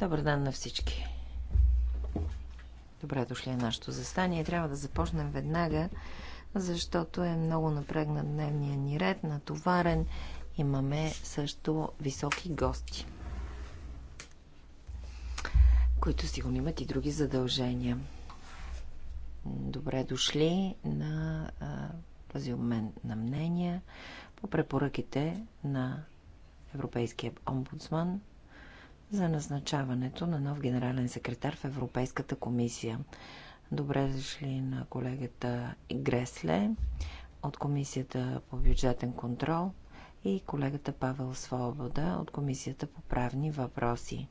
Добър ден на всички. Добре дошли на нашето застание. Трябва да започнем веднага, защото е много напрегнат дневния ни ред, натоварен. Имаме също високи гости, които сигурно имат и други задължения. Добре дошли на този обмен на мнения по препоръките на Европейския омбудсман за назначаването на нов генерален секретар в Европейската комисия. Добре зашли на колегата Гресле от Комисията по бюджетен контрол и колегата Павел Свобода от Комисията по правни въпроси.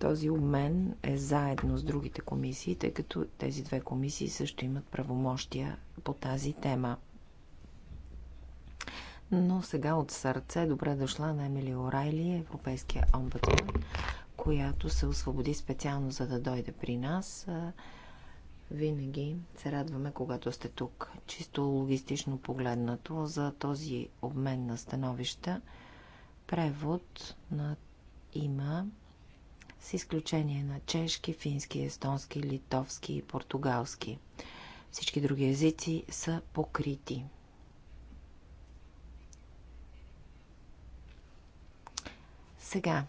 Този обмен е заедно с другите комисии, тъй като тези две комисии също имат правомощия по тази тема но сега от сърце е добре дошла на Емили Орайли, европейския омбудсман, която се освободи специално за да дойде при нас. Винаги се радваме, когато сте тук. Чисто логистично погледнато за този обмен на становища, превод на има с изключение на чешки, фински, естонски, литовски и португалски. Всички други езици са покрити. Сега,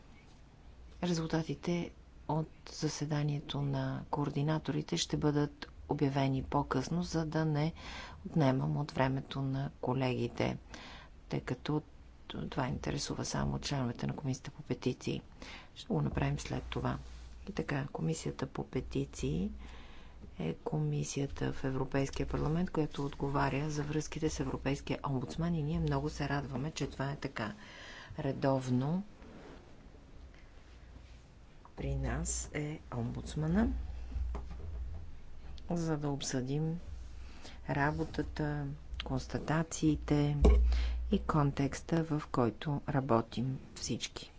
резултатите от заседанието на координаторите ще бъдат обявени по-късно, за да не отнемам от времето на колегите, тъй като това интересува само членовете на Комисията по петиции. Ще го направим след това. И така, Комисията по петиции е комисията в Европейския парламент, която отговаря за връзките с Европейския омбудсман и ние много се радваме, че това е така. Редовно при нас е омбудсмана, за да обсъдим работата, констатациите и контекста, в който работим всички.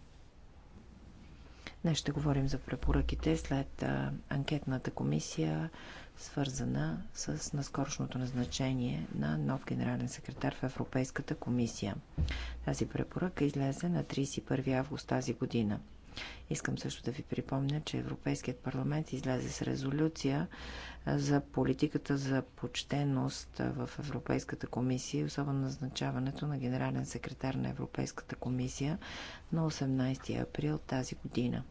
Днес ще говорим за препоръките след анкетната комисия, свързана с наскорошното назначение на нов генерален секретар в Европейската комисия. Тази препоръка излезе на 31 август тази година. Искам също да ви припомня, че Европейският парламент излезе с резолюция за политиката за почтеност в Европейската комисия, особено назначаването на генерален секретар на Европейската комисия на 18 април тази година.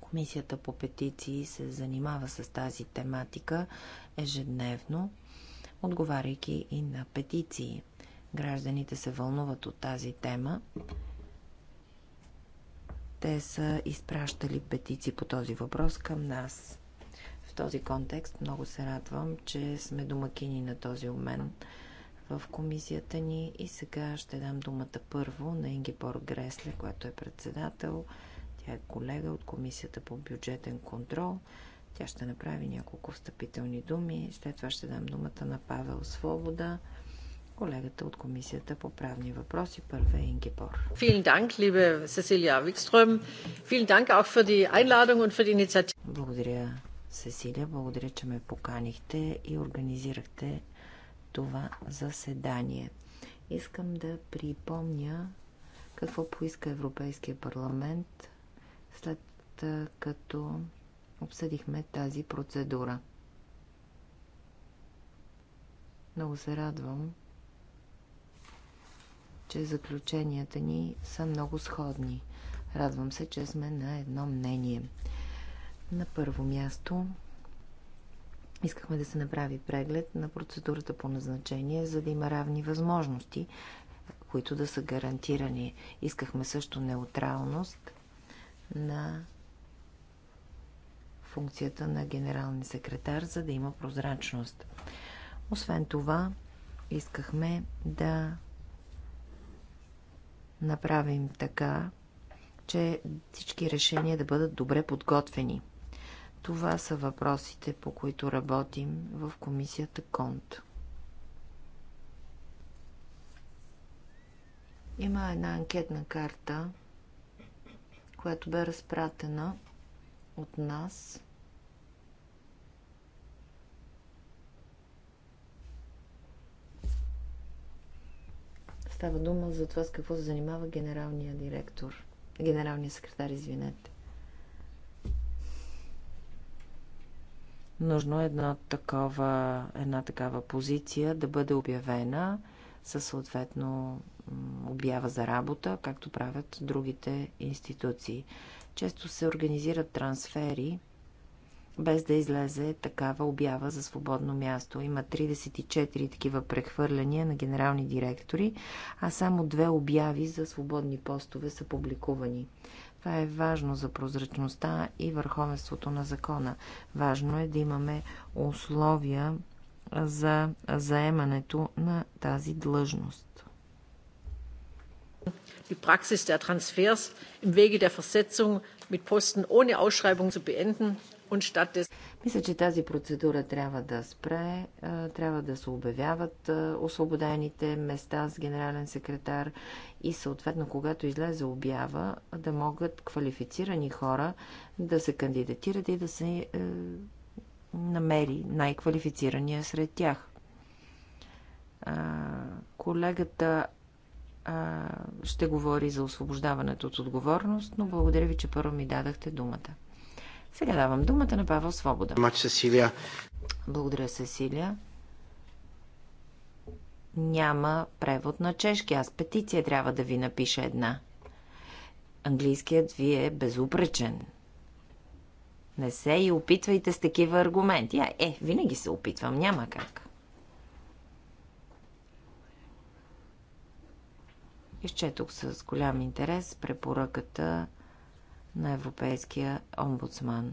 Комисията по петиции се занимава с тази тематика ежедневно, отговаряйки и на петиции. Гражданите се вълнуват от тази тема те са изпращали петиции по този въпрос към нас. В този контекст много се радвам, че сме домакини на този обмен в комисията ни и сега ще дам думата първо на Ингипор Гресле, която е председател. Тя е колега от комисията по бюджетен контрол. Тя ще направи няколко встъпителни думи. След това ще дам думата на Павел Свобода, колегата от Комисията по правни въпроси, първа Инги е Ингебор. Благодаря, Сесилия. Благодаря, че ме поканихте и организирахте това заседание. Искам да припомня какво поиска Европейския парламент след като обсъдихме тази процедура. Много се радвам, че заключенията ни са много сходни. Радвам се, че сме на едно мнение. На първо място искахме да се направи преглед на процедурата по назначение, за да има равни възможности, които да са гарантирани. Искахме също неутралност на функцията на генералния секретар, за да има прозрачност. Освен това, искахме да направим така, че всички решения да бъдат добре подготвени. Това са въпросите, по които работим в комисията КОНТ. Има една анкетна карта, която бе разпратена от нас Става дума за това с какво се занимава генералния директор. Генералния секретар, извинете. Нужно е една такова, една такава позиция да бъде обявена със съответно обява за работа, както правят другите институции. Често се организират трансфери без да излезе такава обява за свободно място. Има 34 такива прехвърляния на генерални директори, а само две обяви за свободни постове са публикувани. Това е важно за прозрачността и върховенството на закона. Важно е да имаме условия за заемането на тази длъжност. Die Praxis der Transfers im Wege der Versetzung mit Posten ohne Ausschreibung zu beenden мисля, че тази процедура трябва да спре, трябва да се обявяват освободените места с генерален секретар и съответно, когато излезе обява, да могат квалифицирани хора да се кандидатират и да се е, намери най-квалифицирания сред тях. А, колегата а, ще говори за освобождаването от отговорност, но благодаря ви, че първо ми дадахте думата. Сега давам думата на Павел Свобода. Мач, Сесилия. Благодаря, Сесилия. Няма превод на чешки. Аз петиция трябва да ви напиша една. Английският ви е безупречен. Не се и опитвайте с такива аргументи. А, е, винаги се опитвам. Няма как. Изчетох с голям интерес препоръката на Европейския омбудсман.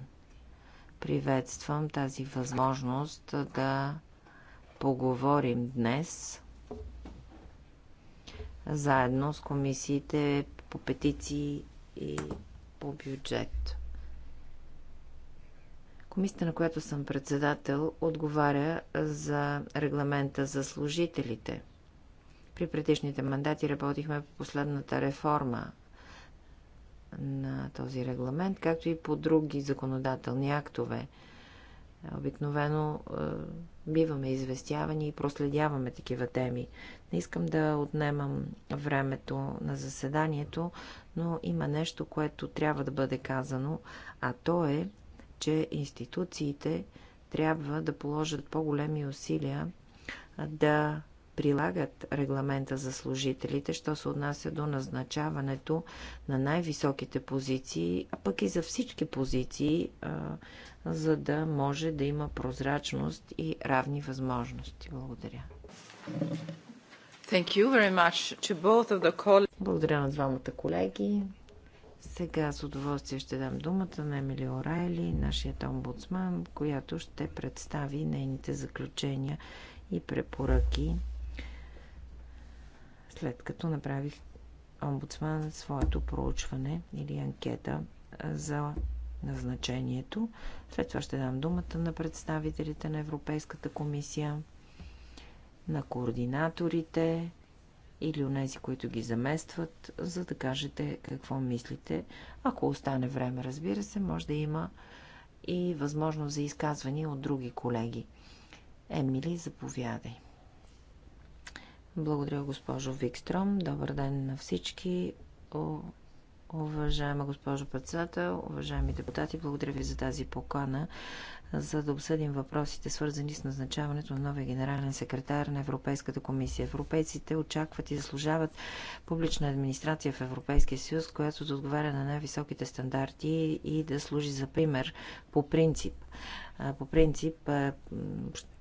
Приветствам тази възможност да поговорим днес заедно с комисиите по петиции и по бюджет. Комисията, на която съм председател, отговаря за регламента за служителите. При предишните мандати работихме по последната реформа на този регламент, както и по други законодателни актове. Обикновено е, биваме известявани и проследяваме такива теми. Не искам да отнемам времето на заседанието, но има нещо, което трябва да бъде казано, а то е, че институциите трябва да положат по-големи усилия да прилагат регламента за служителите, що се отнася до назначаването на най-високите позиции, а пък и за всички позиции, за да може да има прозрачност и равни възможности. Благодаря. Thank you very much to both of the Благодаря на двамата колеги. Сега с удоволствие ще дам думата на Емили Орайли, нашият омбудсман, която ще представи нейните заключения и препоръки след като направих омбудсман своето проучване или анкета за назначението. След това ще дам думата на представителите на Европейската комисия, на координаторите или онези, които ги заместват, за да кажете какво мислите. Ако остане време, разбира се, може да има и възможност за изказвания от други колеги. Емили, заповядай. Благодаря, госпожо Викстром. Добър ден на всички. уважаема госпожо председател, уважаеми депутати, благодаря ви за тази покана, за да обсъдим въпросите, свързани с назначаването на новия генерален секретар на Европейската комисия. Европейците очакват и заслужават публична администрация в Европейския съюз, която да отговаря на най-високите стандарти и да служи за пример по принцип по принцип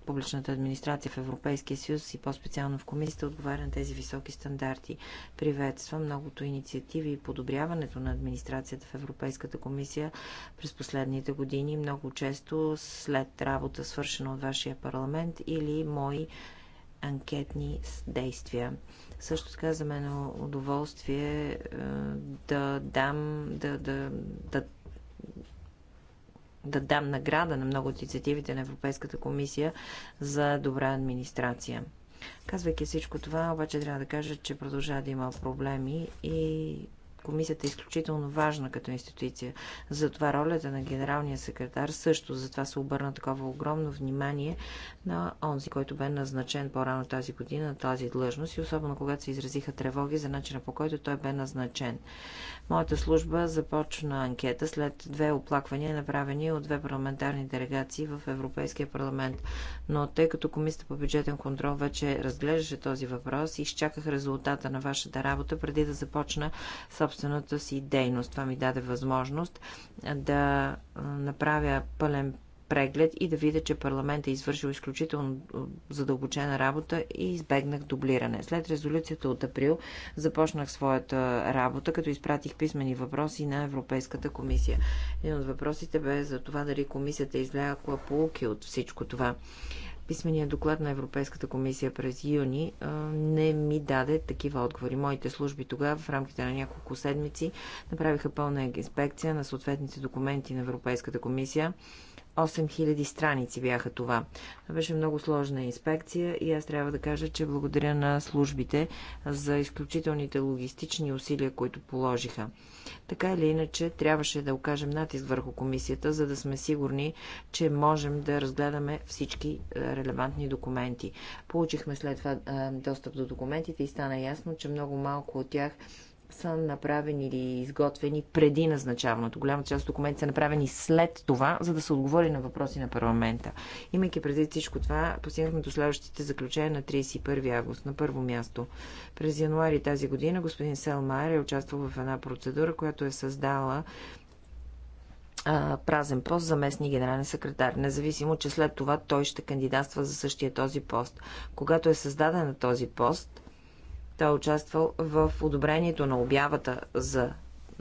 публичната администрация в Европейския съюз и по-специално в комисията отговаря на тези високи стандарти. Приветствам многото инициативи и подобряването на администрацията в Европейската комисия през последните години, много често след работа свършена от вашия парламент или мои анкетни действия. Също така за мен е удоволствие е, да дам, да, да, да да дам награда на много от инициативите на Европейската комисия за добра администрация. Казвайки всичко това, обаче трябва да кажа, че продължава да има проблеми и комисията е изключително важна като институция. Затова ролята на генералния секретар също, затова се обърна такова огромно внимание на онзи, който бе назначен по-рано тази година на тази длъжност и особено когато се изразиха тревоги за начина по който той бе назначен. Моята служба започна анкета след две оплаквания, направени от две парламентарни делегации в Европейския парламент. Но тъй като Комисията по бюджетен контрол вече разглеждаше този въпрос, изчаках резултата на вашата работа преди да започна собствената си дейност. Това ми даде възможност да направя пълен преглед и да видя, че парламентът е извършил изключително задълбочена работа и избегнах дублиране. След резолюцията от април започнах своята работа, като изпратих писмени въпроси на Европейската комисия. Един от въпросите бе за това дали комисията е излякла полуки от всичко това. Писменият доклад на Европейската комисия през юни не ми даде такива отговори. Моите служби тогава, в рамките на няколко седмици, направиха пълна инспекция на съответните документи на Европейската комисия 8000 страници бяха това. Беше много сложна инспекция и аз трябва да кажа, че благодаря на службите за изключителните логистични усилия, които положиха. Така или иначе, трябваше да окажем натиск върху комисията, за да сме сигурни, че можем да разгледаме всички е, релевантни документи. Получихме след това е, достъп до документите и стана ясно, че много малко от тях са направени или изготвени преди назначаването. Голяма част от документите са направени след това, за да се отговори на въпроси на парламента. Имайки преди всичко това, постигнахме до следващите заключения на 31 август. На първо място, през януари тази година господин Селмайер е участвал в една процедура, която е създала празен пост за местни генерален секретар, независимо, че след това той ще кандидатства за същия този пост. Когато е създаден на този пост, той е участвал в одобрението на обявата за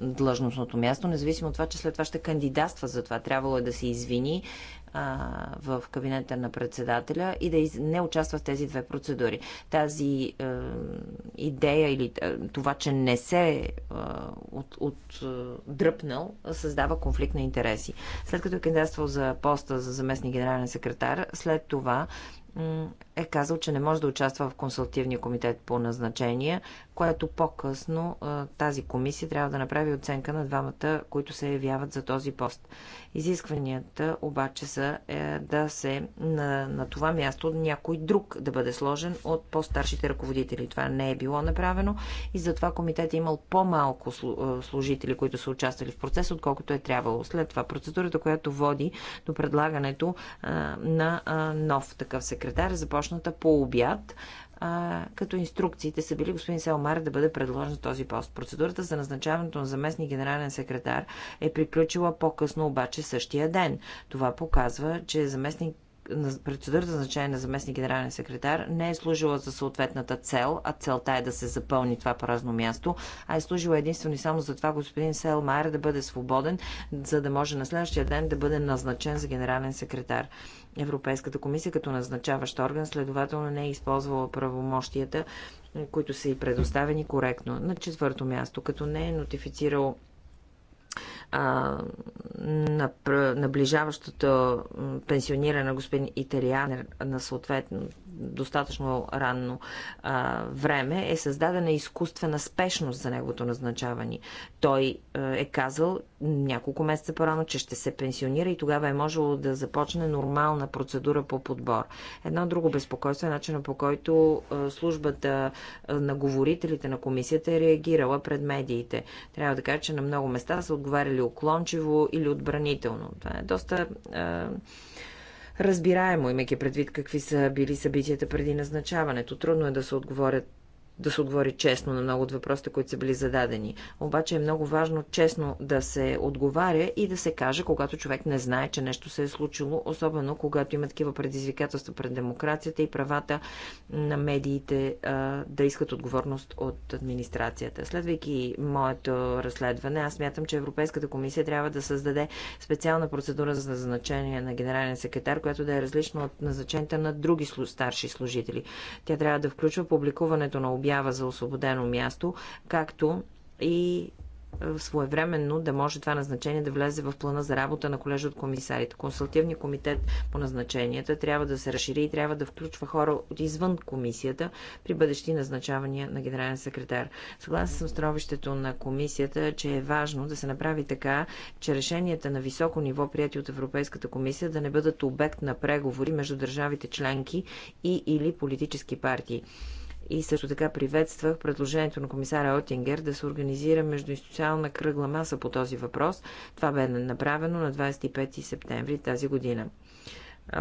длъжностното място, независимо от това, че след това ще кандидатства за това. Трябвало е да се извини а, в кабинета на председателя и да из... не участва в тези две процедури. Тази а, е, идея или е, това, че не се а, е, от, от, дръпнал, създава конфликт на интереси. След като е кандидатствал за поста за заместник генерален секретар, след това е казал, че не може да участва в консултивния комитет по назначения, което по-късно тази комисия трябва да направи оценка на двамата, които се явяват за този пост. Изискванията обаче са е, да се на, на това място някой друг да бъде сложен от по-старшите ръководители. Това не е било направено и затова комитет е имал по-малко служители, които са участвали в процес, отколкото е трябвало. След това процедурата, която води до предлагането е, на е, нов такъв секретар, започва нощната по обяд, а, като инструкциите са били господин Селмар да бъде предложен този пост. Процедурата за назначаването на заместник генерален секретар е приключила по-късно обаче същия ден. Това показва, че заместник процедурата за значение на заместник генерален секретар не е служила за съответната цел, а целта е да се запълни това празно място, а е служила единствено и само за това господин Селмайер да бъде свободен, за да може на следващия ден да бъде назначен за генерален секретар. Европейската комисия като назначаващ орган следователно не е използвала правомощията, които са и предоставени коректно. На четвърто място, като не е нотифицирал на, наближаващото пенсиониране на господин Италианер на съответно достатъчно ранно а, време е създадена изкуствена спешност за неговото назначаване. Той а, е казал няколко месеца по-рано, че ще се пенсионира и тогава е можело да започне нормална процедура по подбор. Едно друго безпокойство е начина по който а, службата а, на говорителите на комисията е реагирала пред медиите. Трябва да кажа, че на много места са отговаряли уклончиво или отбранително. Това е доста е, разбираемо, имайки предвид какви са били събитията преди назначаването. Трудно е да се отговорят да се отговори честно на много от въпросите, които са били зададени. Обаче е много важно честно да се отговаря и да се каже, когато човек не знае, че нещо се е случило, особено когато има такива предизвикателства пред демокрацията и правата на медиите а, да искат отговорност от администрацията. Следвайки моето разследване, аз мятам, че Европейската комисия трябва да създаде специална процедура за назначение на генерален секретар, която да е различна от назначенията на други старши служители. Тя трябва да включва публикуването на обява за освободено място, както и е, своевременно да може това назначение да влезе в плана за работа на колежа от комисарите. Консултивният комитет по назначенията трябва да се разшири и трябва да включва хора от извън комисията при бъдещи назначавания на генерален секретар. Съгласен съм с тровището на комисията, че е важно да се направи така, че решенията на високо ниво, прияти от Европейската комисия, да не бъдат обект на преговори между държавите членки и или политически партии. И също така приветствах предложението на комисаря Отингер да се организира междуинституционална кръгла маса по този въпрос. Това бе направено на 25 септември тази година.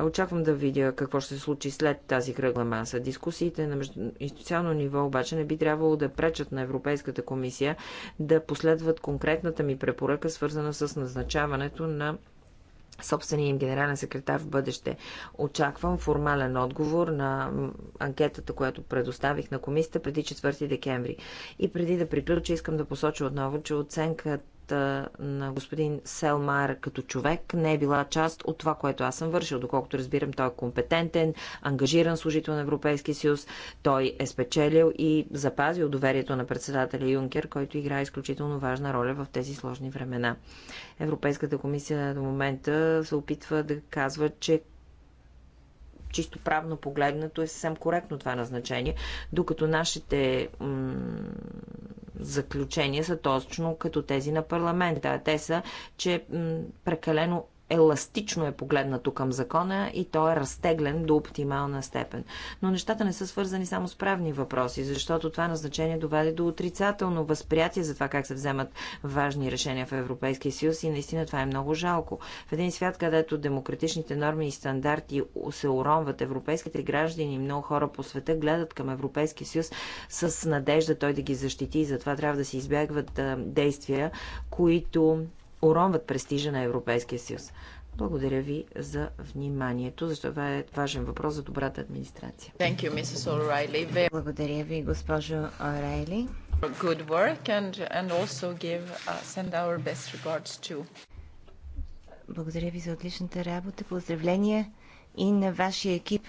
Очаквам да видя какво ще се случи след тази кръгла маса. Дискусиите на институционално ниво обаче не би трябвало да пречат на Европейската комисия да последват конкретната ми препоръка, свързана с назначаването на собствения им генерален секретар в бъдеще. Очаквам формален отговор на анкетата, която предоставих на комисията преди 4 декември. И преди да приключа, искам да посоча отново, че оценката кариерата на господин Селмар като човек не е била част от това, което аз съм вършил. Доколкото разбирам, той е компетентен, ангажиран служител на Европейския съюз, той е спечелил и запазил доверието на председателя Юнкер, който играе изключително важна роля в тези сложни времена. Европейската комисия до момента се опитва да казва, че чисто правно погледнато е съвсем коректно това назначение, докато нашите заключения са точно като тези на парламента. Те са, че прекалено еластично е погледнато към закона и той е разтеглен до оптимална степен. Но нещата не са свързани само с правни въпроси, защото това назначение доведе до отрицателно възприятие за това как се вземат важни решения в Европейския съюз и наистина това е много жалко. В един свят, където демократичните норми и стандарти се уронват, европейските граждани и много хора по света гледат към Европейския съюз с надежда той да ги защити и затова трябва да се избягват действия, които уронват престижа на Европейския съюз. Благодаря ви за вниманието, защото това е важен въпрос за добрата администрация. Thank you, Mrs. Благодаря ви, госпожо Орайли. Good work and, and also give, uh, send our best regards to. Благодаря ви за отличната работа. Поздравления и на вашия екип,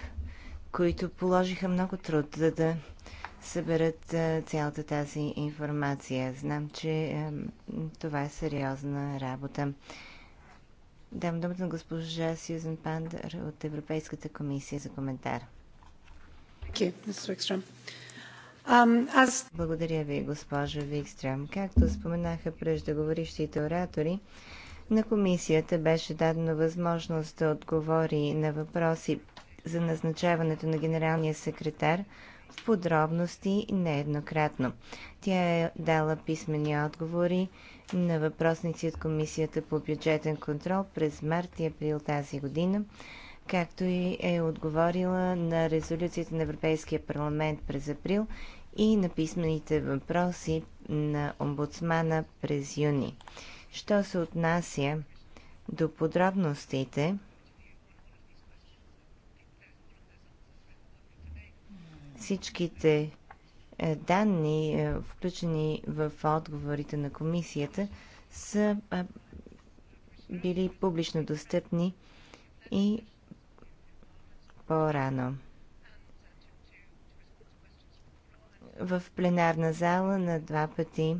които положиха много труд, за да съберат цялата тази информация. Знам, че това е сериозна работа. Дам думата на госпожа Сюзен Пандър от Европейската комисия за коментар. Um, Благодаря ви, госпожа Викстрем. Както споменаха преждеговорившите оратори, на комисията беше дадена възможност да отговори на въпроси за назначаването на генералния секретар – в подробности нееднократно. Тя е дала писмени отговори на въпросници от Комисията по бюджетен контрол през март и април тази година, както и е отговорила на резолюцията на Европейския парламент през април и на писмените въпроси на омбудсмана през юни. Що се отнася до подробностите, всичките е, данни, е, включени в отговорите на комисията, са е, били публично достъпни и по-рано. В пленарна зала на два пъти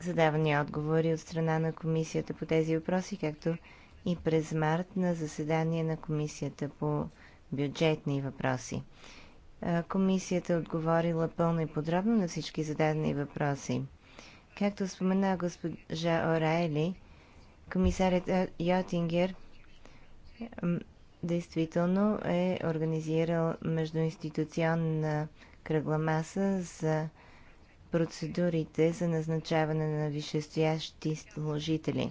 задавани отговори от страна на комисията по тези въпроси, както и през март на заседание на комисията по бюджетни въпроси. Комисията е отговорила пълно и подробно на всички зададени въпроси. Както спомена госпожа Орайли, комисарят Йотингер действително е организирал междуинституционна кръгла маса за процедурите за назначаване на висшестоящи служители.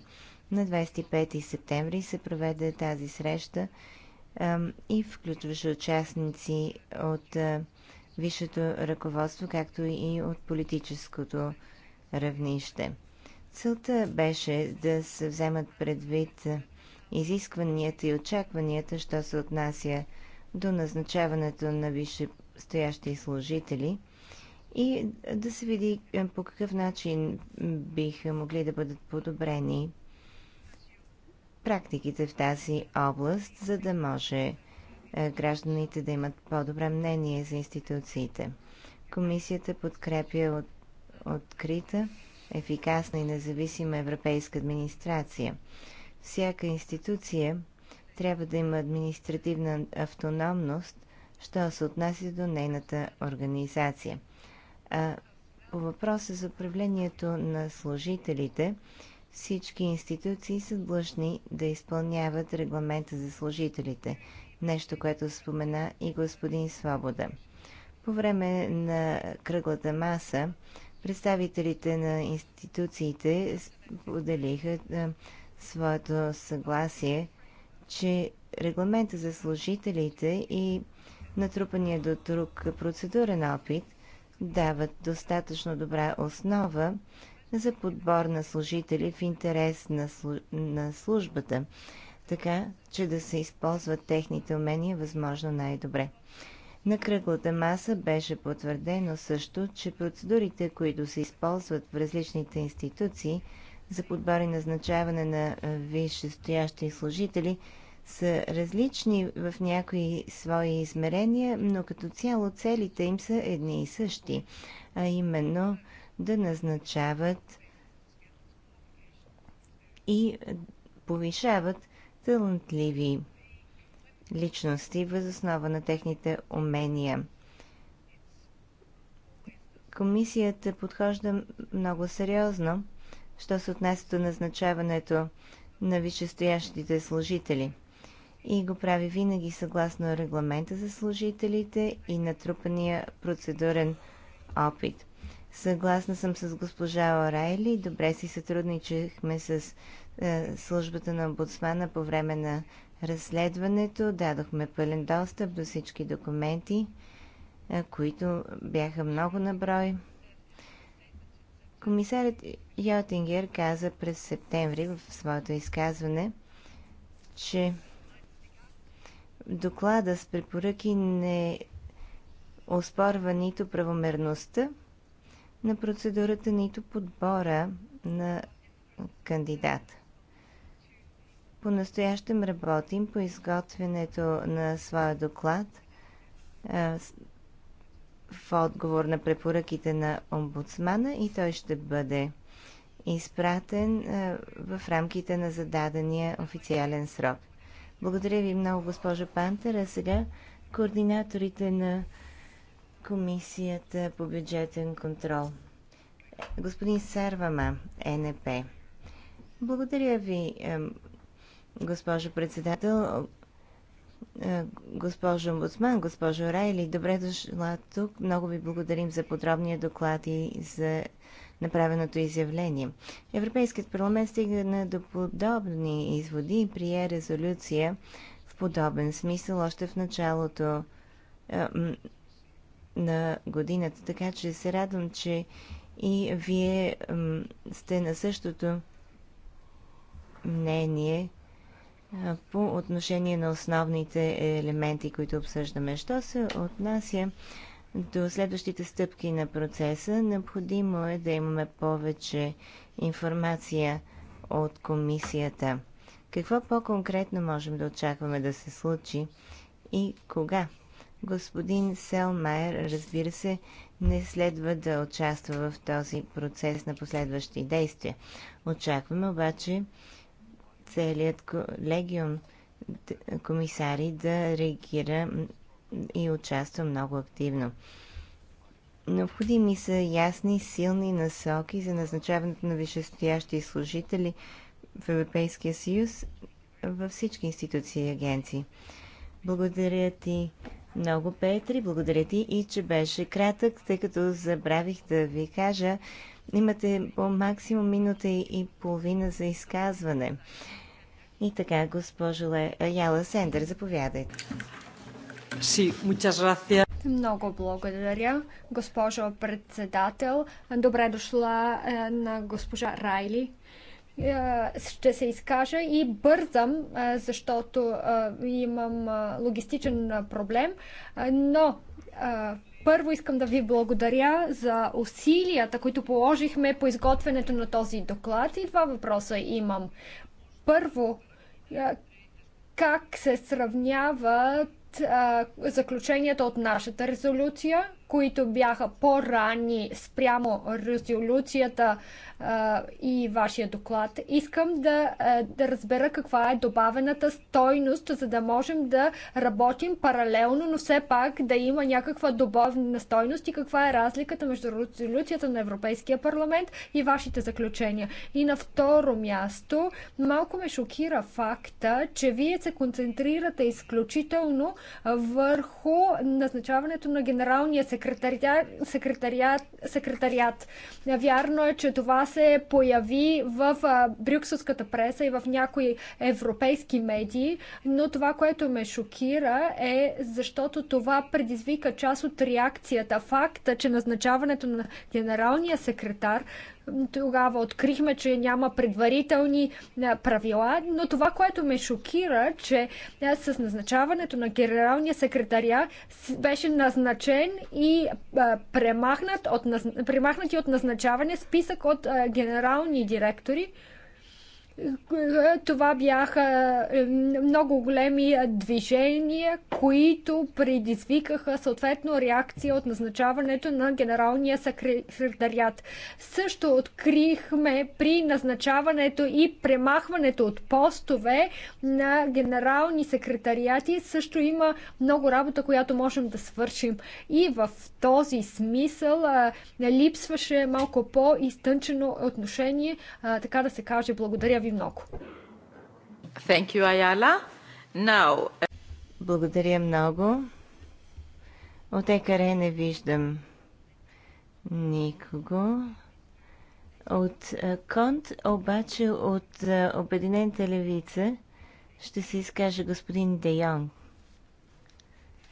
На 25 септември се проведе тази среща и включваше участници от висшето ръководство, както и от политическото равнище. Целта беше да се вземат предвид изискванията и очакванията, що се отнася до назначаването на стоящи служители и да се види по какъв начин биха могли да бъдат подобрени практиките в тази област, за да може е, гражданите да имат по-добре мнение за институциите. Комисията подкрепя от, открита, ефикасна и независима европейска администрация. Всяка институция трябва да има административна автономност, що се отнася до нейната организация. А по въпроса за управлението на служителите, всички институции са длъжни да изпълняват регламента за служителите. Нещо, което спомена и господин Свобода. По време на кръглата маса, представителите на институциите поделиха своето съгласие, че регламента за служителите и натрупания до друг процедурен опит дават достатъчно добра основа за подбор на служители в интерес на, слу... на службата, така че да се използват техните умения възможно най-добре. На кръглата маса беше потвърдено също, че процедурите, които се използват в различните институции за подбор и назначаване на висшестоящи служители, са различни в някои свои измерения, но като цяло целите им са едни и същи, а именно – да назначават и повишават талантливи личности въз основа на техните умения. Комисията подхожда много сериозно, що се отнесе до назначаването на висшестоящите служители и го прави винаги съгласно регламента за служителите и натрупания процедурен опит. Съгласна съм с госпожа Орайли. Добре си сътрудничихме с е, службата на омбудсмана по време на разследването. Дадохме пълен достъп до всички документи, е, които бяха много наброй. Комисарят Йотингер каза през септември в своето изказване, че доклада с препоръки не оспорва нито правомерността, на процедурата, нито подбора на кандидата. По-настоящем работим по изготвянето на своя доклад в отговор на препоръките на омбудсмана и той ще бъде изпратен в рамките на зададения официален срок. Благодаря ви много, госпожа Пантера. сега координаторите на Комисията по бюджетен контрол. Господин Сервама, НП. Благодаря ви, госпожо председател, е, госпожо Омбудсман, госпожо Райли. Добре дошла тук. Много ви благодарим за подробния доклад и за направеното изявление. Европейският парламент стигна до подобни изводи и прие резолюция в подобен смисъл още в началото на годината. Така че се радвам, че и вие сте на същото мнение по отношение на основните елементи, които обсъждаме. Що се отнася до следващите стъпки на процеса, необходимо е да имаме повече информация от комисията. Какво по-конкретно можем да очакваме да се случи и кога? Господин Селмайер, разбира се, не следва да участва в този процес на последващи действия. Очакваме обаче целият легион комисари да реагира и участва много активно. Необходими са ясни, силни насоки за назначаването на висшестоящи служители в Европейския съюз във всички институции и агенции. Благодаря ти много, Петри. Благодаря ти и че беше кратък, тъй като забравих да ви кажа. Имате по максимум минута и половина за изказване. И така, госпожо Ле... Яла Сендер, заповядайте. Sí, Много благодаря, госпожо председател. Добре дошла е, на госпожа Райли ще се изкажа и бързам, защото имам логистичен проблем, но първо искам да ви благодаря за усилията, които положихме по изготвянето на този доклад и два въпроса имам. Първо, как се сравняват заключенията от нашата резолюция които бяха по-ранни спрямо резолюцията а, и вашия доклад. Искам да, а, да разбера каква е добавената стойност, за да можем да работим паралелно, но все пак да има някаква добавена стойност и каква е разликата между резолюцията на Европейския парламент и вашите заключения. И на второ място, малко ме шокира факта, че вие се концентрирате изключително върху назначаването на генералния секретар секретариат, секретариат, Вярно е, че това се появи в брюкселската преса и в някои европейски медии, но това, което ме шокира е, защото това предизвика част от реакцията. Факта, че назначаването на генералния секретар тогава открихме, че няма предварителни правила, но това, което ме шокира, че с назначаването на генералния секретаря беше назначен и премахнат от, премахнати от назначаване списък от генерални директори, това бяха е, много големи движения, които предизвикаха съответно реакция от назначаването на генералния секретариат. Също открихме при назначаването и премахването от постове на генерални секретариати. Също има много работа, която можем да свършим. И в този смисъл е, липсваше малко по-изтънчено отношение, е, така да се каже. Благодаря ви ви много. Thank you, Ayala. Now... Благодаря много. От ЕКР не виждам никого. От Конт, обаче от Обединената левица ще се изкаже господин Де Йонг.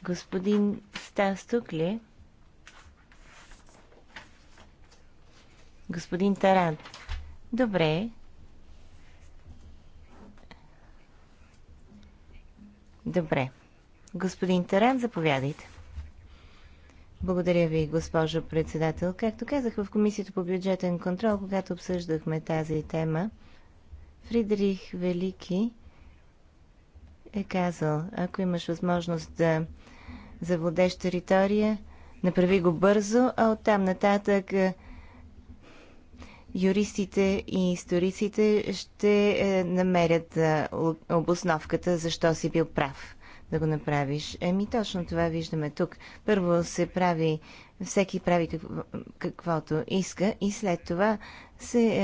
Господин Стастук ли? Е? Господин Таран, Добре. Добре. Господин Таран, заповядайте. Благодаря ви, госпожо председател. Както казах в Комисията по бюджетен контрол, когато обсъждахме тази тема, Фридрих Велики е казал, ако имаш възможност да завладеш територия, направи го бързо, а оттам нататък юристите и историците ще е, намерят е, обосновката защо си бил прав да го направиш. Еми точно това виждаме тук. Първо се прави, всеки прави какво, каквото иска и след това се е,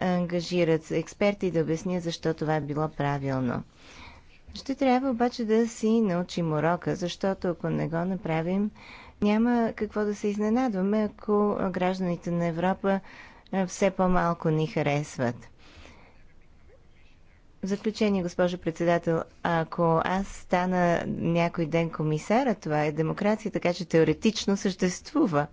е ангажират експерти да обяснят защо това е било правилно. Ще трябва обаче да си научим урока, защото ако не го направим, няма какво да се изненадваме, ако гражданите на Европа все по-малко ни харесват. В заключение, госпожо председател, ако аз стана някой ден комисара, това е демокрация, така че теоретично съществува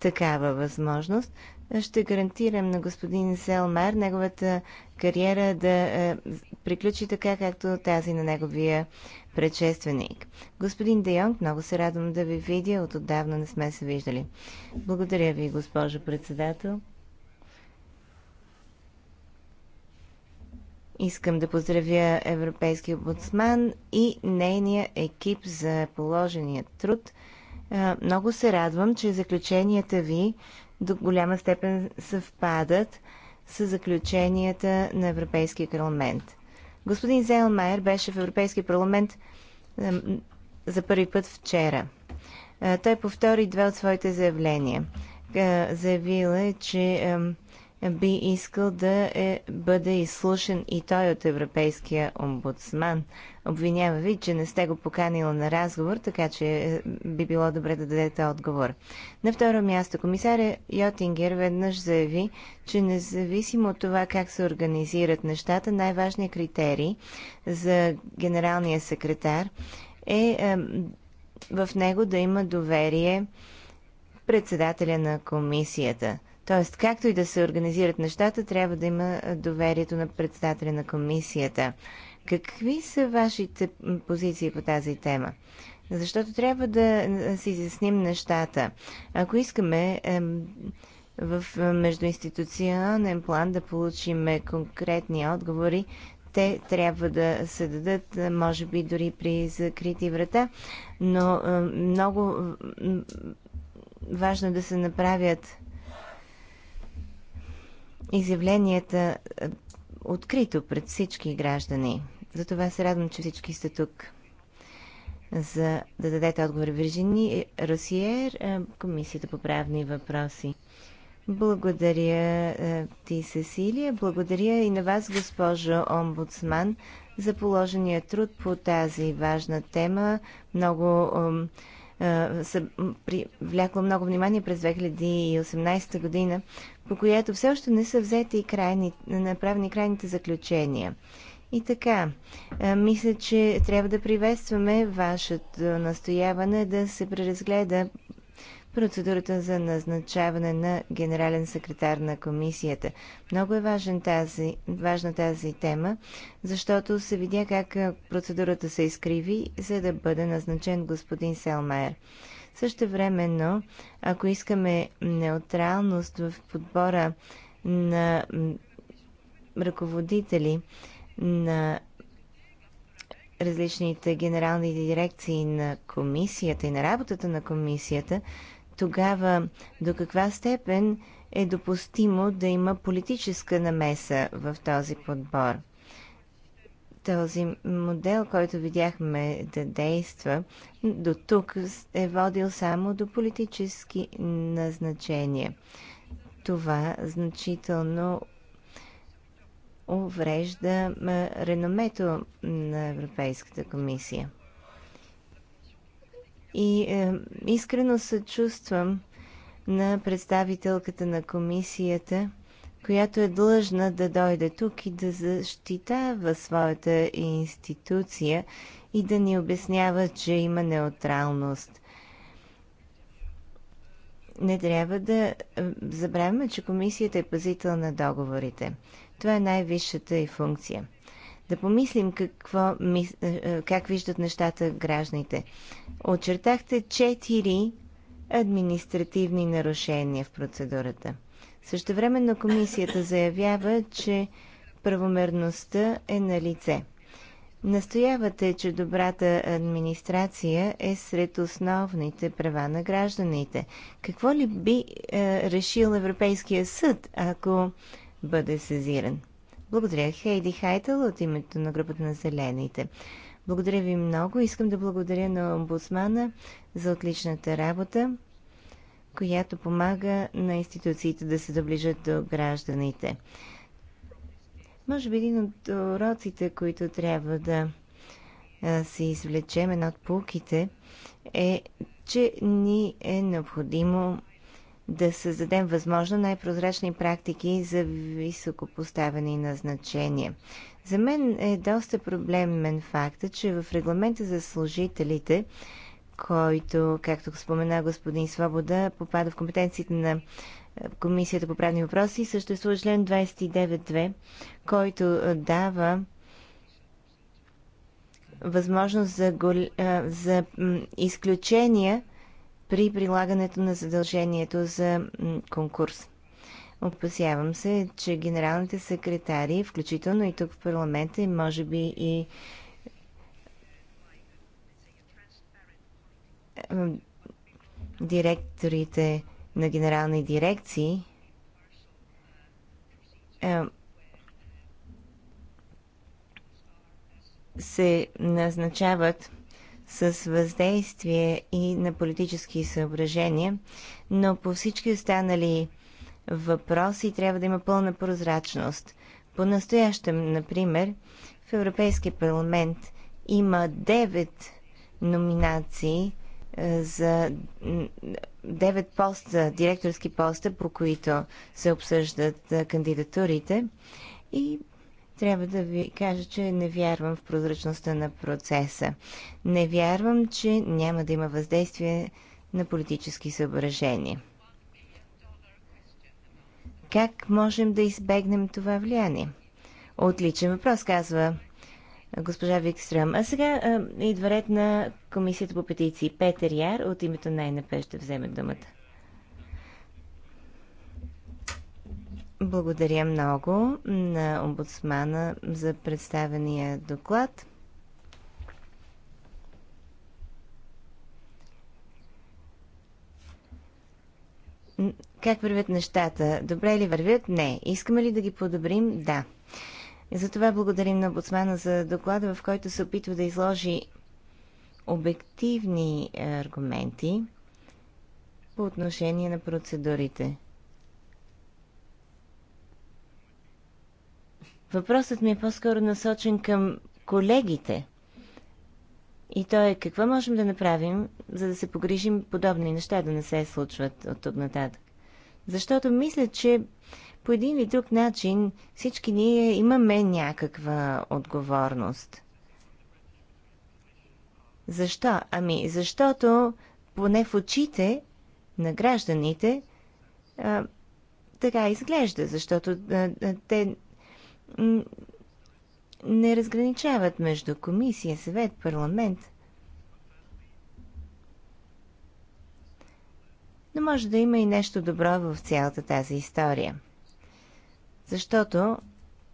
такава възможност, ще гарантирам на господин Селмар неговата кариера да е, приключи така, както тази на неговия предшественик. Господин Де Йонг, много се радвам да ви видя. От отдавна не сме се виждали. Благодаря ви, госпожо председател. Искам да поздравя Европейския обудсман и нейния екип за положения труд. Е, много се радвам, че заключенията ви до голяма степен съвпадат с заключенията на Европейския парламент. Господин Зелмайер беше в Европейския парламент за първи път вчера. Той повтори две от своите заявления. Заявила е, че би искал да е, бъде изслушан и той от Европейския омбудсман. Обвинява ви, че не сте го поканила на разговор, така че е, би било добре да дадете отговор. На второ място комисаря Йотингер веднъж заяви, че независимо от това как се организират нещата, най-важният критерий за генералния секретар е, е в него да има доверие председателя на комисията – Тоест, както и да се организират нещата, трябва да има доверието на председателя на комисията. Какви са вашите позиции по тази тема? Защото трябва да си изясним нещата. Ако искаме в междуинституционен план да получим конкретни отговори, те трябва да се дадат, може би дори при закрити врата, но много важно е да се направят изявленията е, открито пред всички граждани. Затова се радвам, че всички сте тук за да дадете отговор. Виржини е, Росиер, е, Комисията по правни въпроси. Благодаря ти, Сесилия. Благодаря и на вас, госпожо омбудсман, за положения труд по тази важна тема. Много е, се привлякла много внимание през 2018 година, по която все още не са взети и крайни, направени крайните заключения. И така, е, мисля, че трябва да приветстваме вашето настояване да се преразгледа процедурата за назначаване на генерален секретар на комисията. Много е важен тази, важна тази тема, защото се видя как процедурата се изкриви, за да бъде назначен господин Селмайер. Също времено, ако искаме неутралност в подбора на ръководители на различните генерални дирекции на комисията и на работата на комисията, тогава до каква степен е допустимо да има политическа намеса в този подбор? Този модел, който видяхме да действа, до тук е водил само до политически назначения. Това значително уврежда реномето на Европейската комисия. И е, искрено съчувствам на представителката на комисията, която е длъжна да дойде тук и да защитава своята институция и да ни обяснява, че има неутралност. Не трябва да е, забравяме, че комисията е пазител на договорите. Това е най-висшата и функция да помислим какво, е, е, как виждат нещата гражданите. Очертахте четири административни нарушения в процедурата. Също Същевременно комисията заявява, че правомерността е на лице. Настоявате, че добрата администрация е сред основните права на гражданите. Какво ли би е, решил Европейския съд, ако бъде сезиран? Благодаря, Хейди Хайтел, от името на групата на Зелените. Благодаря ви много. Искам да благодаря на омбудсмана за отличната работа, която помага на институциите да се доближат до гражданите. Може би един от уроците, които трябва да си извлечем, една от пулките, е, че ни е необходимо да създадем възможно най-прозрачни практики за високопоставени назначения. За мен е доста проблемен факта, че в регламента за служителите, който, както спомена господин Свобода, попада в компетенциите на е, Комисията по правни въпроси, съществува член 29.2, който е, дава възможност за, гол... Е, за изключения – при прилагането на задължението за конкурс. Опасявам се, че генералните секретари, включително и тук в парламента, и може би и директорите на генерални дирекции се назначават с въздействие и на политически съображения, но по всички останали въпроси трябва да има пълна прозрачност. По-настоящем, например, в Европейския парламент има 9 номинации е, за 9 поста, директорски поста, по които се обсъждат е, кандидатурите. И трябва да ви кажа, че не вярвам в прозрачността на процеса. Не вярвам, че няма да има въздействие на политически съображения. Как можем да избегнем това влияние? Отличен въпрос, казва госпожа Викстрам. А сега а, идва ред на Комисията по петиции. Петър Яр от името най-напред ще вземе думата. Благодаря много на омбудсмана за представения доклад. Как вървят нещата? Добре ли вървят? Не. Искаме ли да ги подобрим? Да. Затова благодарим на Боцмана за доклада, в който се опитва да изложи обективни е, аргументи по отношение на процедурите. Въпросът ми е по-скоро насочен към колегите. И то е какво можем да направим, за да се погрижим подобни неща да не се случват от тук нататък. Защото мисля, че по един или друг начин всички ние имаме някаква отговорност. Защо? Ами, защото поне в очите на гражданите а, така изглежда, защото а, те не разграничават между комисия, съвет, парламент. Но може да има и нещо добро в цялата тази история. Защото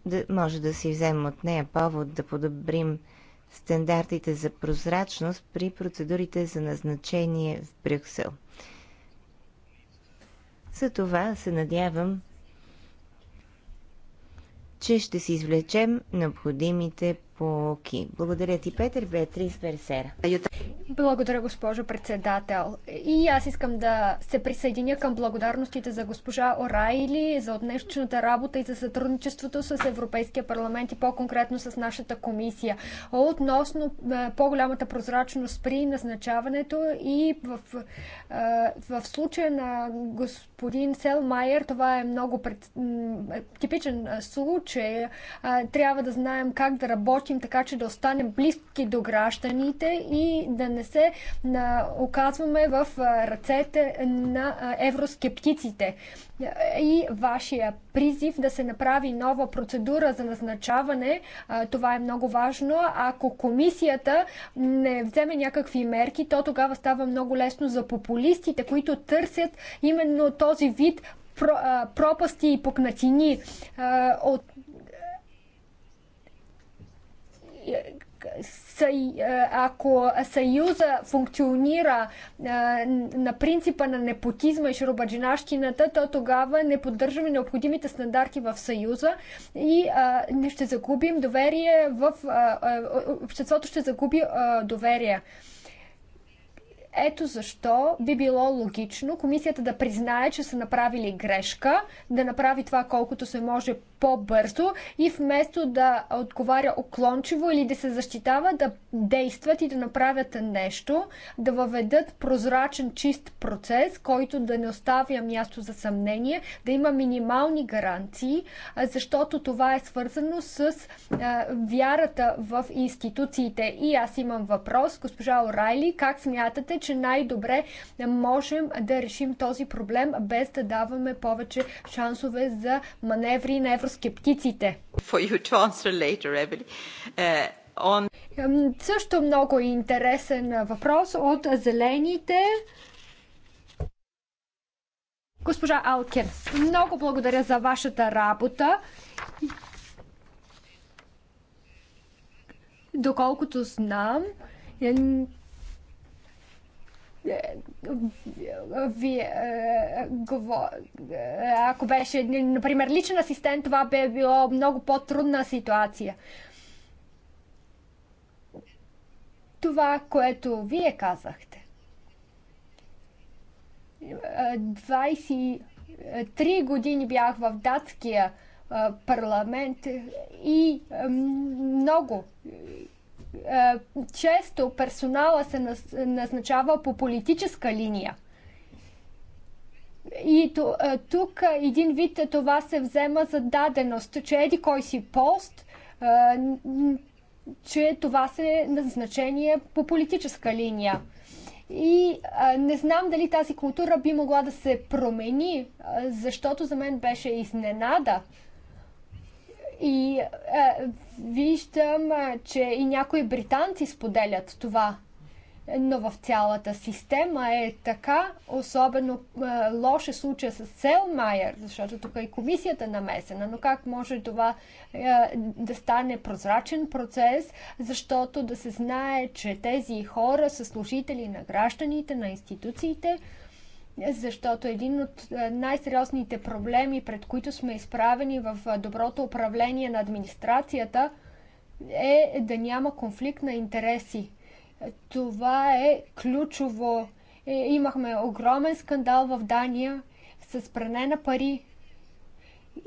да, може да си вземем от нея повод да подобрим стандартите за прозрачност при процедурите за назначение в Брюксел. За това се надявам че ще си извлечем необходимите полуки. Благодаря ти, Петър Беатрис Берсера. Благодаря, госпожо председател. И аз искам да се присъединя към благодарностите за госпожа Орайли, за отнешната работа и за сътрудничеството с Европейския парламент и по-конкретно с нашата комисия. Относно е, по-голямата прозрачност при назначаването и в, е, в случая на господин Селмайер, това е много пред... Е, типичен случай. Трябва да знаем как да работим работим така, че да останем близки до гражданите и да не се оказваме в ръцете на евроскептиците. И вашия призив да се направи нова процедура за назначаване, това е много важно. Ако комисията не вземе някакви мерки, то тогава става много лесно за популистите, които търсят именно този вид пропасти и пукнатини от е, ако Съюза функционира е, на принципа на непотизма и шурубаджинащината, то тогава не поддържаме необходимите стандарти в Съюза и е, не ще загубим доверие в... Обществото ще загуби доверие. Ето защо би било логично комисията да признае, че са направили грешка, да направи това колкото се може по-бързо и вместо да отговаря оклончиво или да се защитава, да действат и да направят нещо, да въведат прозрачен, чист процес, който да не оставя място за съмнение, да има минимални гаранции, защото това е свързано с вярата в институциите. И аз имам въпрос, госпожа Орайли, как смятате, че най-добре можем да решим този проблем без да даваме повече шансове за маневри на Евросъюз? евроскептиците. Later, uh, on... Също много интересен въпрос от зелените. Госпожа Алкен, много благодаря за вашата работа. Доколкото знам, е, е, е, ако беше, например, личен асистент, това би било много по-трудна ситуация. Това, което вие казахте. 23 е, години бях в датския парламент и много е, често персонала се назначава по политическа линия. И е, тук един вид е, това се взема за даденост, че еди кой си пост, че това се назначение по политическа линия. И а, не знам дали тази култура би могла да се промени, а, защото за мен беше изненада, и е, виждам, е, че и някои британци споделят това. Но в цялата система е така, особено е, лош е случая с Селмайер, защото тук е и комисията намесена, но как може това е, да стане прозрачен процес, защото да се знае, че тези хора са служители на гражданите, на институциите, защото един от е, най-сериозните проблеми, пред които сме изправени в е, доброто управление на администрацията, е да няма конфликт на интереси. Това е ключово. Е, имахме огромен скандал в Дания с пране на пари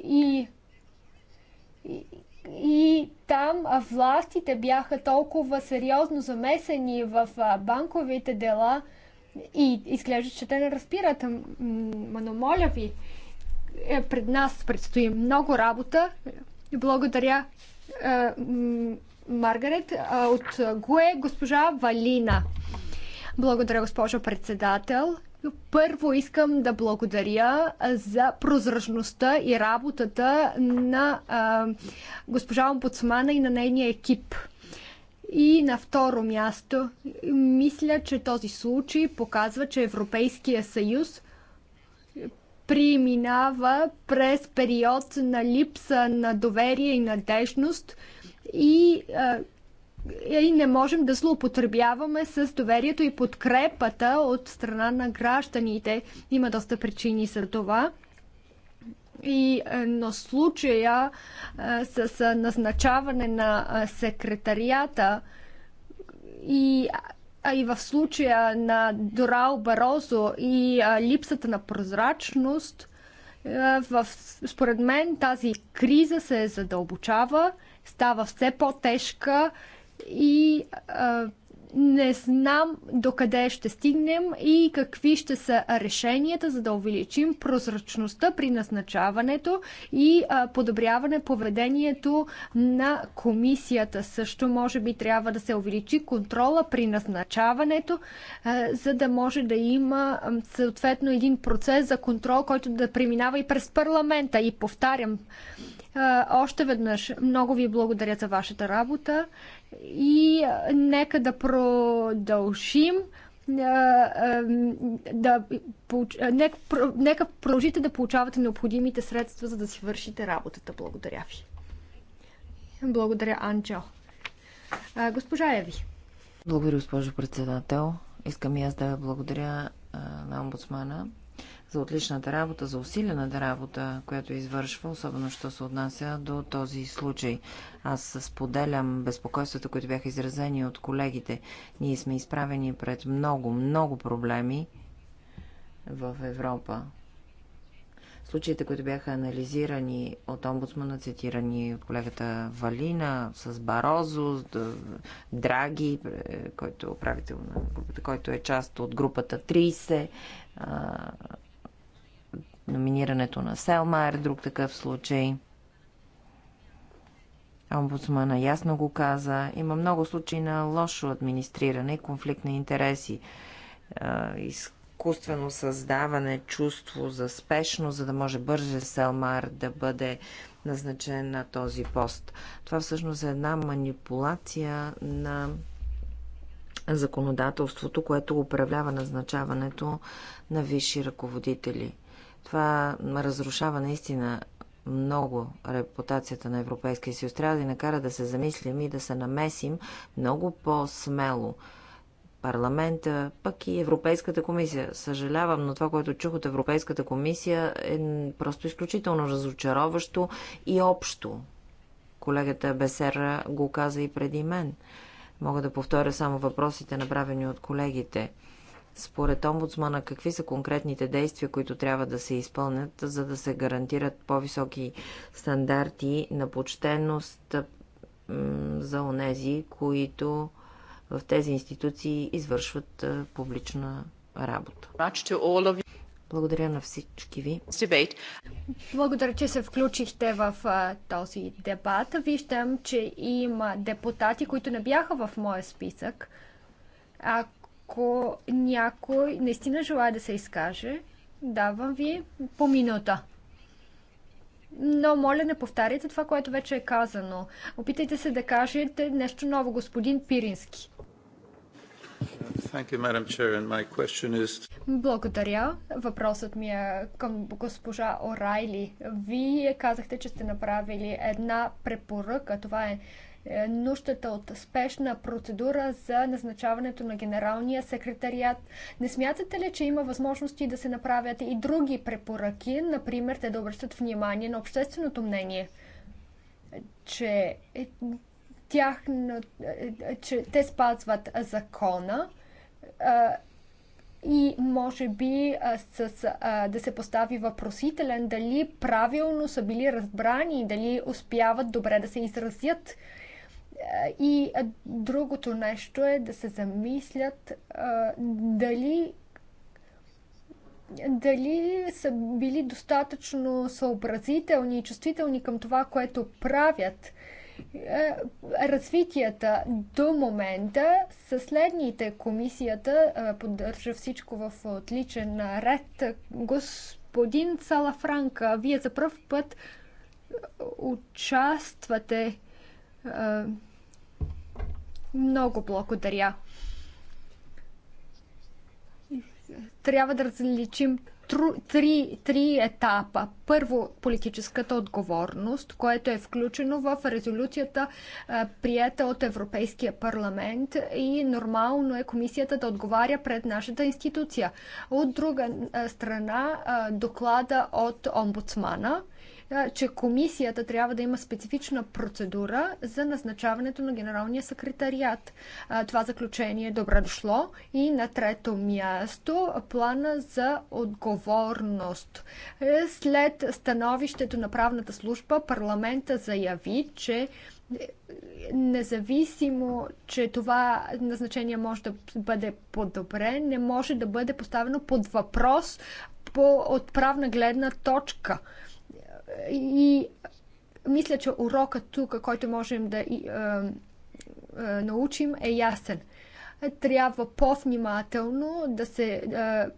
и, и, и там властите бяха толкова сериозно замесени в банковите дела – и изглежда, че те не разбират. Но моля ви, е, пред нас предстои много работа. Благодаря е, Маргарет от ГУЕ, госпожа Валина. Благодаря, госпожо председател. Първо искам да благодаря за прозрачността и работата на а, госпожа омбудсмана и на нейния екип. И на второ място, мисля, че този случай показва, че Европейския съюз преминава през период на липса на доверие и надежност и, е, и не можем да злоупотребяваме с доверието и подкрепата от страна на гражданите. Има доста причини за това. И е, на случая е, с назначаване на е, секретарията и а и в случая на Дорао Барозо и а, липсата на прозрачност, в, според мен тази криза се задълбочава, става все по-тежка и а, не знам докъде ще стигнем и какви ще са решенията, за да увеличим прозрачността при назначаването и а, подобряване поведението на комисията. Също може би трябва да се увеличи контрола при назначаването, а, за да може да има съответно един процес за контрол, който да преминава и през парламента. И повтарям, още веднъж много ви благодаря за вашата работа. И нека да продължим да, нека, нека продължите да получавате необходимите средства, за да си вършите работата. Благодаря ви. Благодаря, Анджо. Госпожа Еви. Благодаря, госпожо председател. Искам и аз да благодаря на омбудсмана за отличната работа, за усилената работа, която извършва, особено що се отнася до този случай. Аз споделям безпокойствата, които бяха изразени от колегите. Ние сме изправени пред много, много проблеми в Европа. Случаите, които бяха анализирани от омбудсмана, цитирани от колегата Валина, с Барозо, Драги, който е управител на групата, който е част от групата 30, Номинирането на Селма е друг такъв случай. Омбудсмана ясно го каза. Има много случаи на лошо администриране и конфликт на интереси. Е, изкуствено създаване, чувство за спешно, за да може бърже Селмар да бъде назначен на този пост. Това всъщност е една манипулация на законодателството, което управлява назначаването на висши ръководители. Това разрушава наистина много репутацията на Европейския съюз. Трябва да ни накара да се замислим и да се намесим много по-смело. Парламента, пък и Европейската комисия. Съжалявам, но това, което чух от Европейската комисия е просто изключително разочароващо и общо. Колегата Бесера го каза и преди мен. Мога да повторя само въпросите, направени от колегите. Според омбудсмана, какви са конкретните действия, които трябва да се изпълнят, за да се гарантират по-високи стандарти на почтенност за онези, които в тези институции извършват публична работа? Благодаря на всички ви. Благодаря, че се включихте в този дебат. Виждам, че има депутати, които не бяха в моя списък. А, ако някой наистина желая да се изкаже, давам ви по минута. Но моля не повтаряйте това, което вече е казано. Опитайте се да кажете нещо ново, господин Пирински. Благодаря. Въпросът ми е към госпожа Орайли. Вие казахте, че сте направили една препоръка. Това е е, нуждата от спешна процедура за назначаването на генералния секретариат. Не смятате ли, че има възможности да се направят и други препоръки, например, те да обръщат внимание на общественото мнение, че, е, тях, е, че те спазват закона и може би с, а, да се постави въпросителен дали правилно са били разбрани, дали успяват добре да се изразят и другото нещо е да се замислят дали дали са били достатъчно съобразителни и чувствителни към това, което правят. Развитията до момента са следните. Комисията поддържа всичко в отличен ред. Господин Салафранка, вие за първ път участвате много благодаря. Трябва да различим три, три етапа. Първо, политическата отговорност, което е включено в резолюцията, прията от Европейския парламент и нормално е комисията да отговаря пред нашата институция. От друга страна, доклада от омбудсмана – че комисията трябва да има специфична процедура за назначаването на генералния секретариат. Това заключение е добре дошло. И на трето място плана за отговорност. Е, след становището на правната служба парламента заяви, че е, независимо, че това назначение може да бъде по-добре, не може да бъде поставено под въпрос по отправна гледна точка. И мисля, че урокът тук, който можем да научим, е ясен трябва по-внимателно да се е,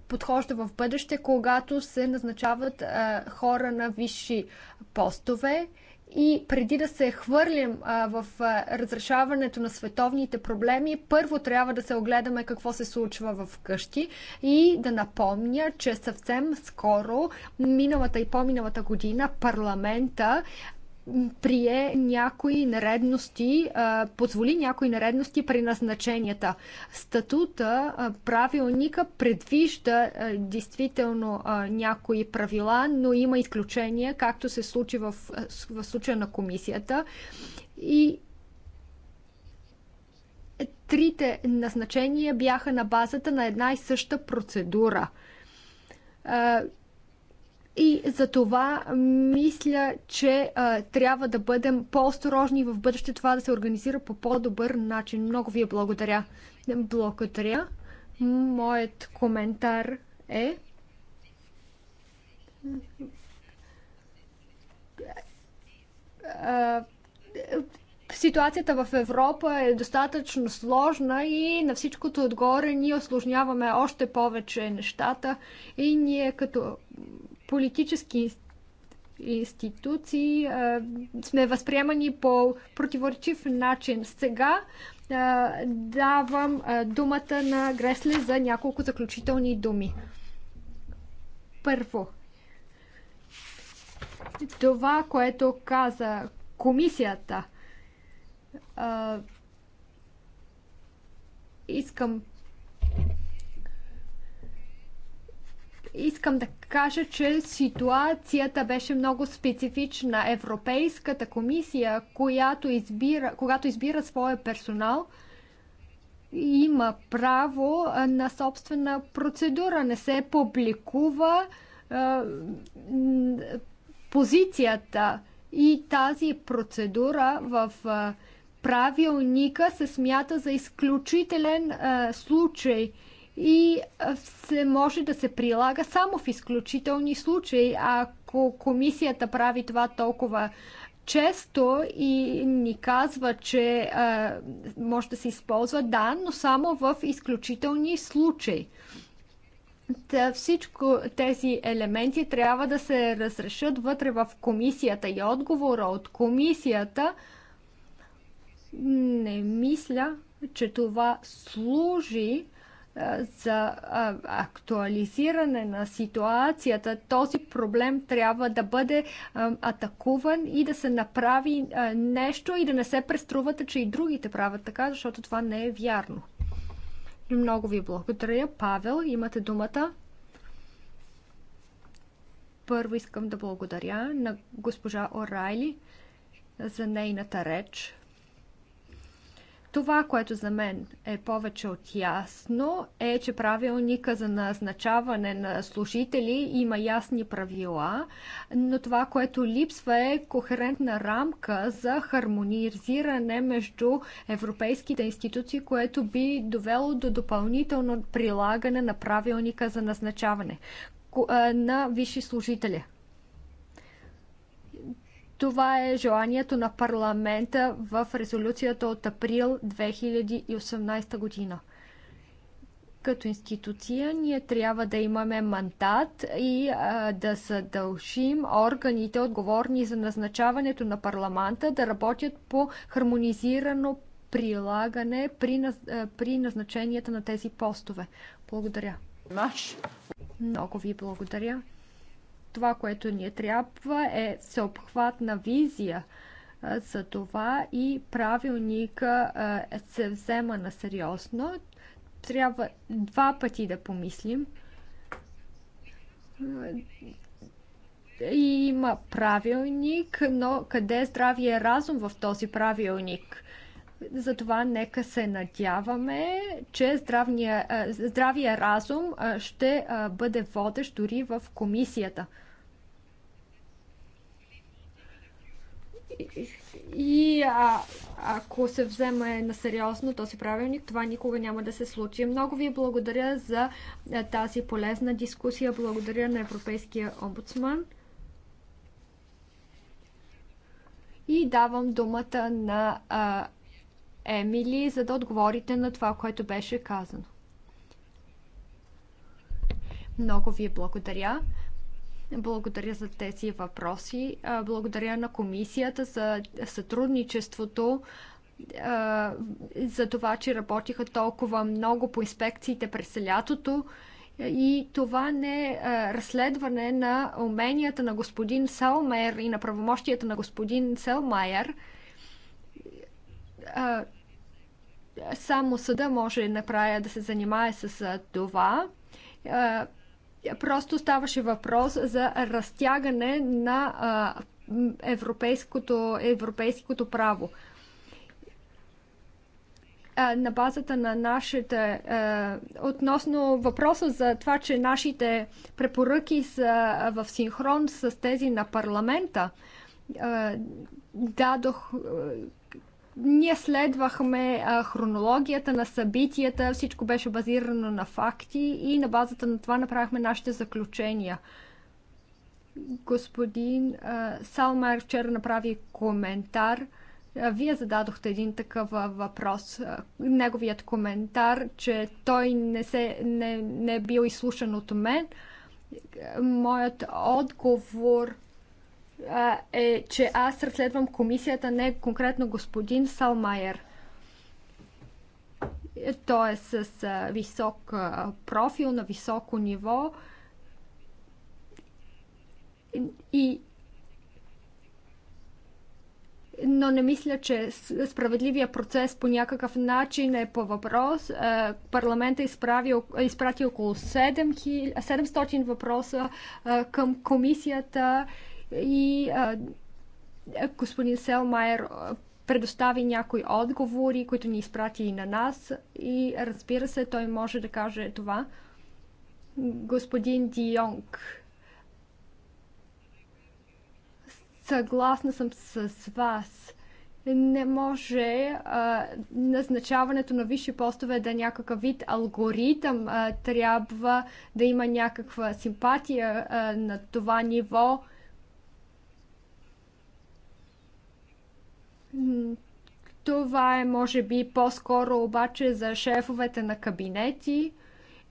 подхожда в бъдеще, когато се назначават е, хора на висши постове. И преди да се хвърлим а, в а, разрешаването на световните проблеми, първо трябва да се огледаме какво се случва в къщи и да напомня, че съвсем скоро, миналата и по-миналата година, парламента прие някои наредности, позволи някои наредности при назначенията. Статута, правилника предвижда действително някои правила, но има изключения, както се случи в, в случая на комисията. И трите назначения бяха на базата на една и съща процедура и за това мисля, че а, трябва да бъдем по-осторожни в бъдеще това да се организира по по-добър начин. Много ви благодаря. Благодаря. Моят коментар е. ситуацията в Европа е достатъчно сложна и на всичкото отгоре ние осложняваме още повече нещата и ние като политически институции а, сме възприемани по противоречив начин. Сега а, давам а, думата на Гресле за няколко заключителни думи. Първо, това, което каза комисията, а, искам Искам да кажа, че ситуацията беше много специфична. Европейската комисия, която избира, когато избира своя персонал, има право на собствена процедура. Не се публикува е, позицията и тази процедура в правилника се смята за изключителен е, случай и се може да се прилага само в изключителни случаи. Ако комисията прави това толкова често и ни казва, че а, може да се използва, да, но само в изключителни случаи. Та всичко тези елементи трябва да се разрешат вътре в комисията и отговора от комисията не мисля, че това служи за актуализиране на ситуацията, този проблем трябва да бъде атакуван и да се направи нещо и да не се преструвате, че и другите правят така, защото това не е вярно. Много ви благодаря. Павел, имате думата. Първо искам да благодаря на госпожа Орайли за нейната реч. Това, което за мен е повече от ясно, е, че правилника за назначаване на служители има ясни правила, но това, което липсва е кохерентна рамка за хармонизиране между европейските институции, което би довело до допълнително прилагане на правилника за назначаване на висши служители. Това е желанието на парламента в резолюцията от април 2018 година. Като институция ние трябва да имаме мандат и а, да съдължим органите, отговорни за назначаването на парламента, да работят по хармонизирано прилагане при, наз... при назначенията на тези постове. Благодаря. Маш. Много ви благодаря това, което ни е трябва е всеобхватна визия за това и правилника се взема на сериозно. Трябва два пъти да помислим. И има правилник, но къде е здравия разум в този правилник? Затова нека се надяваме, че здравия разум ще бъде водещ дори в комисията. И а, ако се вземе на сериозно този правилник, това никога няма да се случи. Много ви благодаря за тази полезна дискусия. Благодаря на Европейския омбудсман. И давам думата на а, Емили, за да отговорите на това, което беше казано. Много ви благодаря. Благодаря за тези въпроси. Благодаря на комисията за сътрудничеството, за това, че работиха толкова много по инспекциите през лятото. И това не е разследване на уменията на господин Селмайер и на правомощията на господин Селмайер. Само съда може направя да се занимае с това Просто ставаше въпрос за разтягане на а, европейското, европейското право. на базата на нашите. относно въпроса за това, че нашите препоръки са в синхрон с тези на парламента, дадох, ние следвахме а, хронологията на събитията, всичко беше базирано на факти и на базата на това направихме нашите заключения. Господин а, Салмайер вчера направи коментар. А, вие зададохте един такъв въпрос. А, неговият коментар, че той не, се, не, не е бил изслушан от мен. Моят отговор е, че аз разследвам комисията, не конкретно господин Салмайер. Е, той е с висок профил, на високо ниво. И но не мисля, че справедливия процес по някакъв начин е по въпрос. Парламентът е изправил, е изпрати около 700 въпроса към комисията и а, господин Селмайер предостави някои отговори, които ни изпрати и на нас и разбира се, той може да каже това. Господин Дионг, съгласна съм с вас. Не може а, назначаването на висши постове да е някакъв вид алгоритъм. А, трябва да има някаква симпатия а, на това ниво. А, Това е, може би, по-скоро обаче за шефовете на кабинети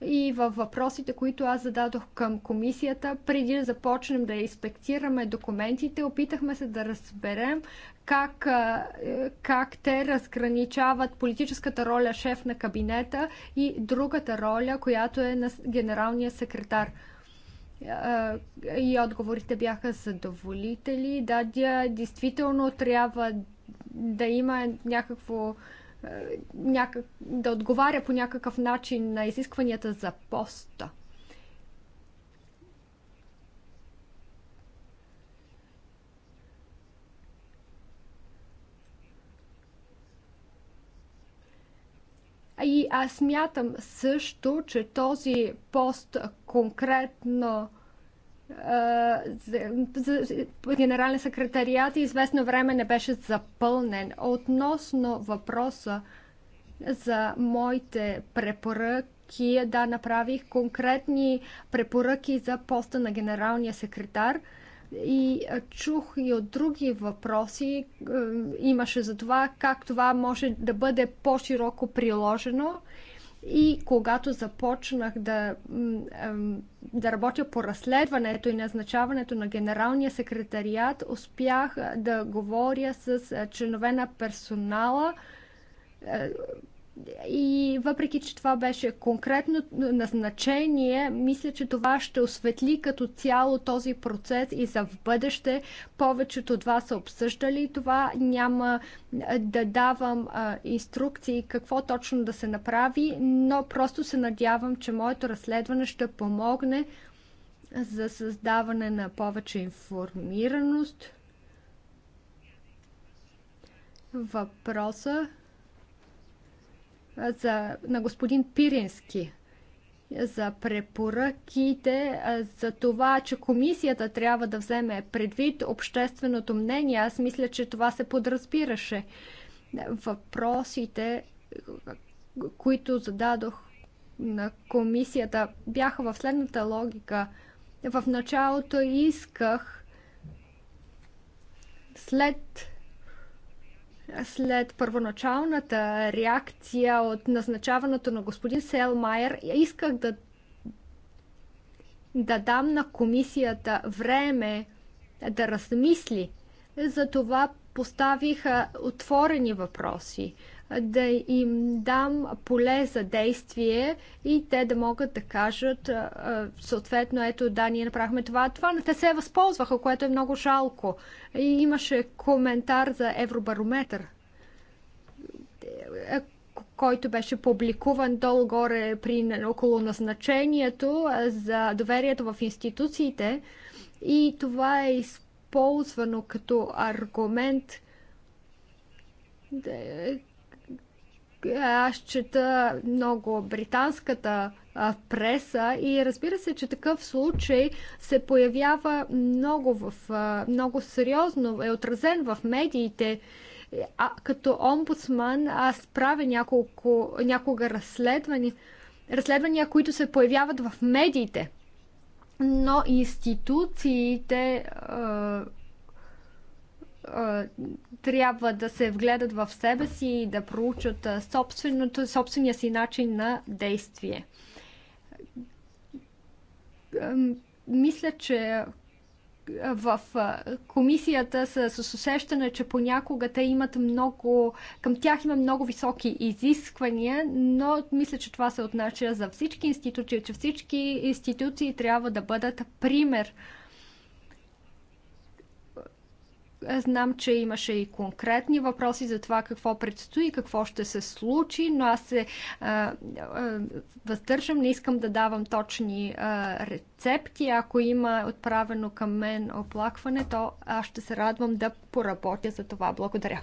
и във въпросите, които аз зададох към комисията, преди да започнем да инспектираме документите, опитахме се да разберем как, е, как те разграничават политическата роля шеф на кабинета и другата роля, която е на генералния секретар. Е, и отговорите бяха задоволители. Да, действително трябва да има някакво е, някак, да отговаря по някакъв начин на изискванията за поста. И аз смятам също, че този пост конкретно Генерален секретариат и известно време не беше запълнен. Относно въпроса за моите препоръки, да, направих конкретни препоръки за поста на генералния секретар и чух и от други въпроси. Е, имаше за това как това може да бъде по-широко приложено и когато започнах да, да работя по разследването и назначаването на генералния секретариат, успях да говоря с членове на персонала и въпреки, че това беше конкретно назначение, мисля, че това ще осветли като цяло този процес и за в бъдеще. Повечето от вас са обсъждали това. Няма да давам а, инструкции какво точно да се направи, но просто се надявам, че моето разследване ще помогне за създаване на повече информираност. Въпроса за, на господин Пирински за препоръките, за това, че комисията трябва да вземе предвид общественото мнение. Аз мисля, че това се подразбираше. Въпросите, които зададох на комисията, бяха в следната логика. В началото исках след след първоначалната реакция от назначаването на господин Селмайер, исках да, да дам на комисията време да размисли. Затова поставих отворени въпроси да им дам поле за действие и те да могат да кажат съответно, ето да, ние направихме това, това, не те се възползваха, което е много жалко. И имаше коментар за Евробарометър, е, който беше публикуван долу-горе при, около назначението за доверието в институциите. И това е използвано като аргумент аз чета много британската преса и разбира се, че такъв случай се появява много, в, много сериозно, е отразен в медиите. А, като омбудсман аз правя няколко, някога разследвания, разследвания, които се появяват в медиите. Но институциите трябва да се вгледат в себе си и да проучат собствения си начин на действие. Мисля, че в комисията с, с усещане, че понякога те имат много, към тях има много високи изисквания, но мисля, че това се отнася за всички институции, че всички институции трябва да бъдат пример Знам, че имаше и конкретни въпроси за това какво предстои, какво ще се случи, но аз се а, а, въздържам, не искам да давам точни а, рецепти. Ако има отправено към мен оплакване, то аз ще се радвам да поработя за това. Благодаря.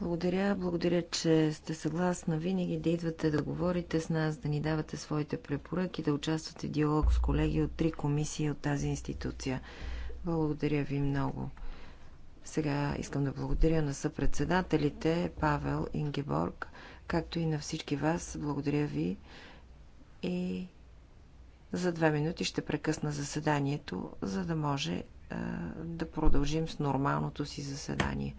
Благодаря, благодаря, че сте съгласна винаги да идвате да говорите с нас, да ни давате своите препоръки, да участвате в диалог с колеги от три комисии от тази институция. Благодаря ви много. Сега искам да благодаря на съпредседателите Павел Ингеборг, както и на всички вас. Благодаря ви и за две минути ще прекъсна заседанието, за да може да продължим с нормалното си заседание.